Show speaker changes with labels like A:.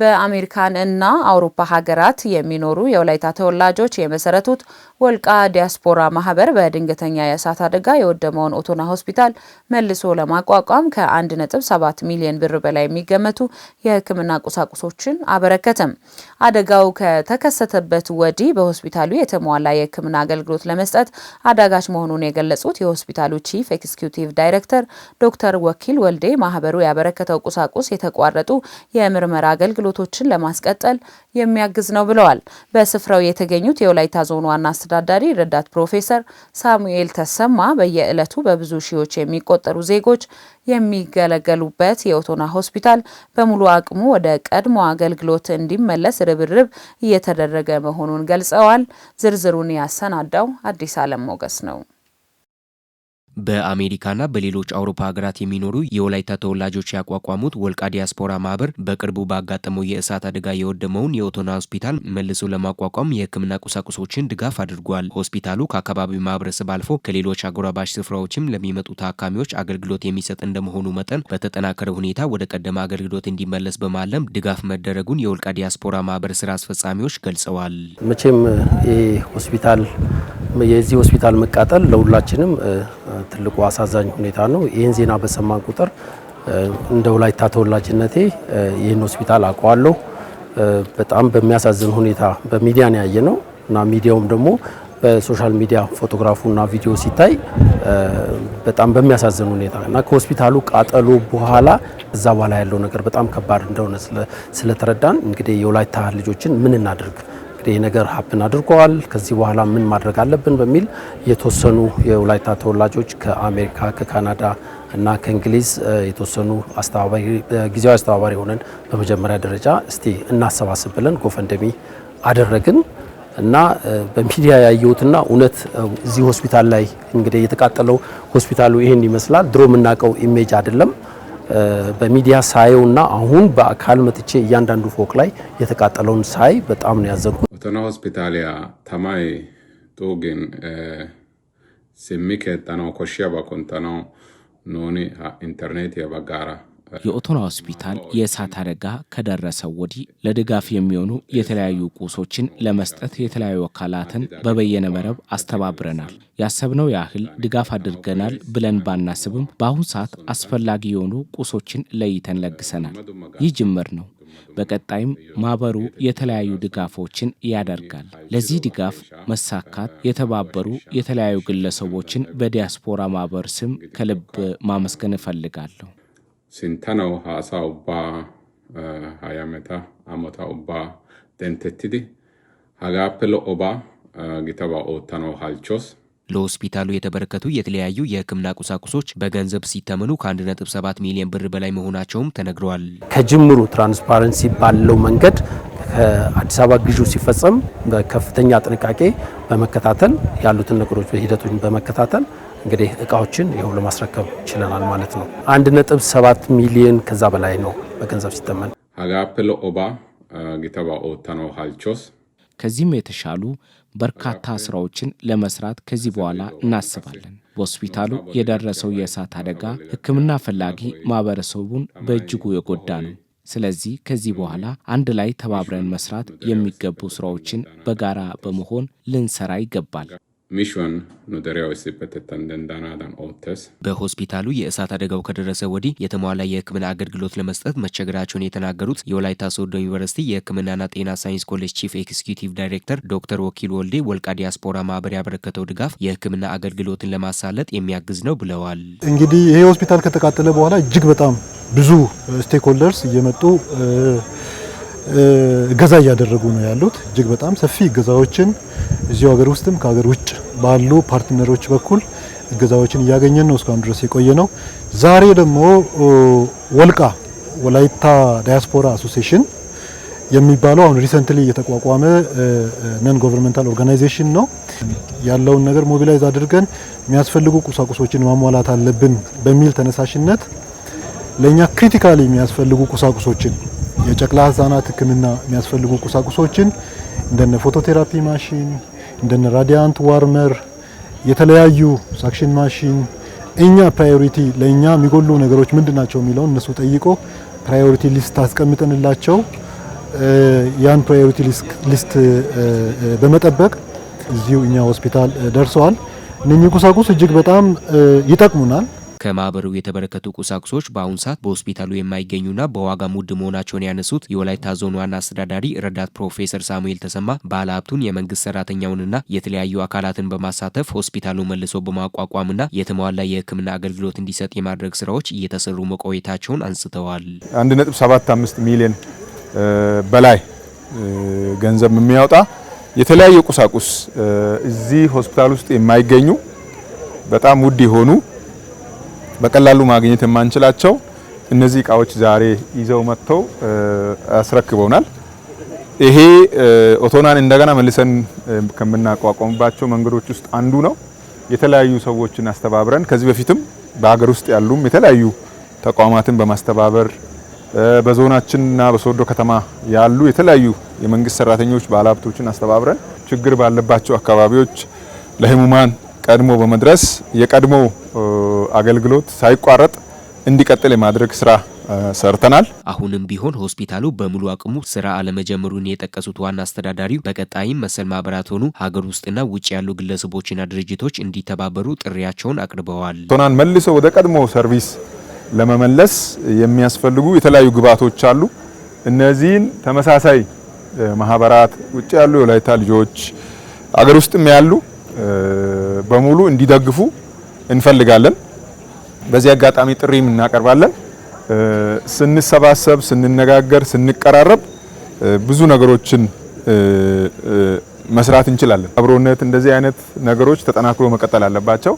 A: በአሜሪካን እና አውሮፓ ሀገራት የሚኖሩ የወላይታ ተወላጆች የመሰረቱት ወልቃ ዲያስፖራ ማህበር በድንገተኛ የእሳት አደጋ የወደመውን ኦቶና ሆስፒታል መልሶ ለማቋቋም ከ1.7 ሚሊዮን ብር በላይ የሚገመቱ የሕክምና ቁሳቁሶችን አበረከተም። አደጋው ከተከሰተበት ወዲህ በሆስፒታሉ የተሟላ የሕክምና አገልግሎት ለመስጠት አዳጋች መሆኑን የገለጹት የሆስፒታሉ ቺፍ ኤክስኪዩቲቭ ዳይሬክተር ዶክተር ወኪል ወልዴ ማህበሩ ያበረከተው ቁሳቁስ የተቋረጡ የምርመራ አገልግሎት አገልግሎቶችን ለማስቀጠል የሚያግዝ ነው ብለዋል። በስፍራው የተገኙት የወላይታ ዞን ዋና አስተዳዳሪ ረዳት ፕሮፌሰር ሳሙኤል ተሰማ በየዕለቱ በብዙ ሺዎች የሚቆጠሩ ዜጎች የሚገለገሉበት የኦቶና ሆስፒታል በሙሉ አቅሙ ወደ ቀድሞ አገልግሎት እንዲመለስ ርብርብ እየተደረገ መሆኑን ገልጸዋል። ዝርዝሩን ያሰናዳው አዲስ አለም ሞገስ ነው።
B: በአሜሪካና በሌሎች አውሮፓ ሀገራት የሚኖሩ የወላይታ ተወላጆች ያቋቋሙት ወልቃ ዲያስፖራ ማህበር በቅርቡ ባጋጠመው የእሳት አደጋ የወደመውን የኦቶና ሆስፒታል መልሶ ለማቋቋም የሕክምና ቁሳቁሶችን ድጋፍ አድርጓል። ሆስፒታሉ ከአካባቢው ማህበረሰብ አልፎ ከሌሎች አጎራባሽ ስፍራዎችም ለሚመጡ ታካሚዎች አገልግሎት የሚሰጥ እንደመሆኑ መጠን በተጠናከረ ሁኔታ ወደ ቀደመ አገልግሎት እንዲመለስ በማለም ድጋፍ መደረጉን የወልቃ ዲያስፖራ ማህበር ስራ አስፈጻሚዎች ገልጸዋል።
C: መቼም ይህ ሆስፒታል የዚህ ሆስፒታል መቃጠል ለሁላችንም ትልቁ አሳዛኝ ሁኔታ ነው። ይህን ዜና በሰማን ቁጥር እንደ ወላይታ ተወላጅነቴ ይህን ሆስፒታል አውቀዋለሁ። በጣም በሚያሳዝን ሁኔታ በሚዲያ ነው ያየ ነው እና ሚዲያውም ደግሞ በሶሻል ሚዲያ ፎቶግራፉና ቪዲዮ ሲታይ በጣም በሚያሳዝን ሁኔታ እና ከሆስፒታሉ ቃጠሎ በኋላ እዛ በኋላ ያለው ነገር በጣም ከባድ እንደሆነ ስለተረዳን እንግዲህ የወላይታ ልጆችን ምን እናድርግ እንግዲህ ይህ ነገር ሀፕን አድርገዋል። ከዚህ በኋላ ምን ማድረግ አለብን በሚል የተወሰኑ የወላይታ ተወላጆች ከአሜሪካ፣ ከካናዳ እና ከእንግሊዝ የተወሰኑ ጊዜያዊ አስተባባሪ ሆነን በመጀመሪያ ደረጃ እስቲ እናሰባስብ ብለን ጎፈንደሚ አደረግን እና በሚዲያ ያየሁትና እውነት እዚህ ሆስፒታል ላይ እንግዲህ የተቃጠለው ሆስፒታሉ ይህን ይመስላል። ድሮ የምናውቀው ኢሜጅ አይደለም። በሚዲያ ሳየውና አሁን በአካል መጥቼ እያንዳንዱ ፎቅ ላይ የተቃጠለውን ሳይ በጣም ነው ያዘንኩት።
D: ኦቶና ሆስፒታሊያ ተማይ ጡግን ሲሚ ኬጠነው ኮሺ በኮንተነው ኖኒ ኢንተርኔት የበጋራ
B: የኦቶና ሆስፒታል የእሳት አደጋ ከደረሰው ወዲህ ለድጋፍ የሚሆኑ የተለያዩ ቁሶችን ለመስጠት የተለያዩ አካላትን በበየነ መረብ አስተባብረናል። ያሰብነው ያህል ድጋፍ አድርገናል ብለን ባናስብም በአሁኑ ሰዓት አስፈላጊ የሆኑ ቁሶችን ለይተን ለግሰናል። ይህ ጅምር ነው። በቀጣይም ማህበሩ የተለያዩ ድጋፎችን ያደርጋል። ለዚህ ድጋፍ መሳካት የተባበሩ የተለያዩ ግለሰቦችን በዲያስፖራ ማህበር ስም ከልብ ማመስገን እፈልጋለሁ።
D: sintanawu haasaa ubbaa eh, hayameta amota ubbaa dentettidi hagaappe lo'obaa eh, gitabaa oottanawu halchoos።
B: ለሆስፒታሉ የተበረከቱ የተለያዩ የሕክምና ቁሳቁሶች በገንዘብ ሲተመኑ ከ1.7 ሚሊዮን ብር በላይ መሆናቸውም ተነግረዋል።
C: ከጅምሩ ትራንስፓረንሲ ባለው መንገድ ከአዲስ አበባ ግዢ ሲፈጸም በከፍተኛ ጥንቃቄ በመከታተል ያሉትን ነገሮች ሂደቱን በመከታተል እንግዲህ እቃዎችን ይኸው ለማስረከብ ችለናል ማለት ነው። አንድ ነጥብ ሰባት ሚሊዮን ከዛ በላይ ነው በገንዘብ ሲተመን።
D: አጋፕል ኦባ ጌተባ ኦተኖ ሃልቾስ
B: ከዚህም የተሻሉ በርካታ ስራዎችን ለመስራት ከዚህ በኋላ እናስባለን። በሆስፒታሉ የደረሰው የእሳት አደጋ ሕክምና ፈላጊ ማህበረሰቡን በእጅጉ የጎዳ ነው። ስለዚህ ከዚህ በኋላ አንድ ላይ ተባብረን መስራት የሚገቡ ስራዎችን በጋራ በመሆን ልንሰራ ይገባል። በሆስፒታሉ የእሳት አደጋው ከደረሰ ወዲህ የተሟላ የሕክምና አገልግሎት ለመስጠት መቸገራቸውን የተናገሩት የወላይታ ሶዶ ዩኒቨርሲቲ የሕክምናና ጤና ሳይንስ ኮሌጅ ቺፍ ኤግዚኪዩቲቭ ዳይሬክተር ዶክተር ወኪል ወልዴ ወልቃ ዲያስፖራ ማህበር ያበረከተው ድጋፍ የሕክምና አገልግሎትን ለማሳለጥ የሚያግዝ ነው ብለዋል።
C: እንግዲህ ይሄ ሆስፒታል ከተቃጠለ በኋላ እጅግ በጣም ብዙ ስቴክሆልደርስ እየመጡ እገዛ እያደረጉ ነው ያሉት። እጅግ በጣም ሰፊ እገዛዎችን እዚሁ ሀገር ውስጥም ከሀገር ውጭ ባሉ ፓርትነሮች በኩል እገዛዎችን እያገኘን ነው እስካሁን ድረስ የቆየ ነው። ዛሬ ደግሞ ወልቃ ወላይታ ዳያስፖራ አሶሲሽን የሚባለው አሁን ሪሰንትሊ የተቋቋመ ነን ጎቨርንመንታል ኦርጋናይዜሽን ነው። ያለውን ነገር ሞቢላይዝ አድርገን የሚያስፈልጉ ቁሳቁሶችን ማሟላት አለብን በሚል ተነሳሽነት ለእኛ ክሪቲካሊ የሚያስፈልጉ ቁሳቁሶችን የጨቅላ ህጻናት ህክምና የሚያስፈልጉ ቁሳቁሶችን እንደነ ፎቶቴራፒ ማሽን፣ እንደነ ራዲያንት ዋርመር፣ የተለያዩ ሳክሽን ማሽን እኛ ፕራዮሪቲ ለእኛ የሚጎሉ ነገሮች ምንድን ናቸው የሚለውን እነሱ ጠይቆ ፕራዮሪቲ ሊስት አስቀምጠንላቸው ያን ፕራዮሪቲ ሊስት በመጠበቅ እዚሁ እኛ ሆስፒታል ደርሰዋል። እነኚህ ቁሳቁስ እጅግ በጣም ይጠቅሙናል።
B: ከማህበሩ የተበረከቱ ቁሳቁሶች በአሁኑ ሰዓት በሆስፒታሉ የማይገኙና በዋጋ ውድ መሆናቸውን ያነሱት የወላይታ ዞን ዋና አስተዳዳሪ ረዳት ፕሮፌሰር ሳሙኤል ተሰማ ባለሀብቱን የመንግስት ሰራተኛውንና የተለያዩ አካላትን በማሳተፍ ሆስፒታሉ መልሶ በማቋቋምና የተሟላ የህክምና አገልግሎት እንዲሰጥ የማድረግ ስራዎች እየተሰሩ መቆየታቸውን አንስተዋል።
C: 1.75 ሚሊዮን በላይ ገንዘብ የሚያወጣ የተለያዩ ቁሳቁስ እዚህ ሆስፒታል ውስጥ የማይገኙ በጣም ውድ የሆኑ በቀላሉ ማግኘት የማንችላቸው እነዚህ እቃዎች ዛሬ ይዘው መጥተው አስረክበውናል። ይሄ ኦቶናን እንደገና መልሰን ከምናቋቋምባቸው መንገዶች ውስጥ አንዱ ነው። የተለያዩ ሰዎችን አስተባብረን ከዚህ በፊትም በሀገር ውስጥ ያሉም የተለያዩ ተቋማትን በማስተባበር በዞናችንና በሶዶ ከተማ ያሉ የተለያዩ የመንግስት ሰራተኞች ባለሀብቶችን አስተባብረን ችግር ባለባቸው አካባቢዎች ለህሙማን ቀድሞ በመድረስ የቀድሞ አገልግሎት ሳይቋረጥ እንዲቀጥል የማድረግ ስራ ሰርተናል።
B: አሁንም ቢሆን ሆስፒታሉ በሙሉ አቅሙ ስራ አለመጀመሩን የጠቀሱት ዋና አስተዳዳሪው በቀጣይም መሰል ማህበራት ሆኑ ሀገር ውስጥና ውጭ ያሉ ግለሰቦችና ድርጅቶች እንዲተባበሩ ጥሪያቸውን አቅርበዋል።
C: ቶናን መልሶ ወደ ቀድሞ ሰርቪስ ለመመለስ የሚያስፈልጉ የተለያዩ ግብዓቶች አሉ። እነዚህን ተመሳሳይ ማህበራት፣ ውጭ ያሉ የወላይታ ልጆች፣ አገር ውስጥም ያሉ በሙሉ እንዲደግፉ እንፈልጋለን። በዚህ አጋጣሚ ጥሪም እናቀርባለን። ስንሰባሰብ፣ ስንነጋገር፣ ስንቀራረብ ብዙ ነገሮችን መስራት እንችላለን። አብሮነት እንደዚህ አይነት ነገሮች ተጠናክሮ መቀጠል አለባቸው።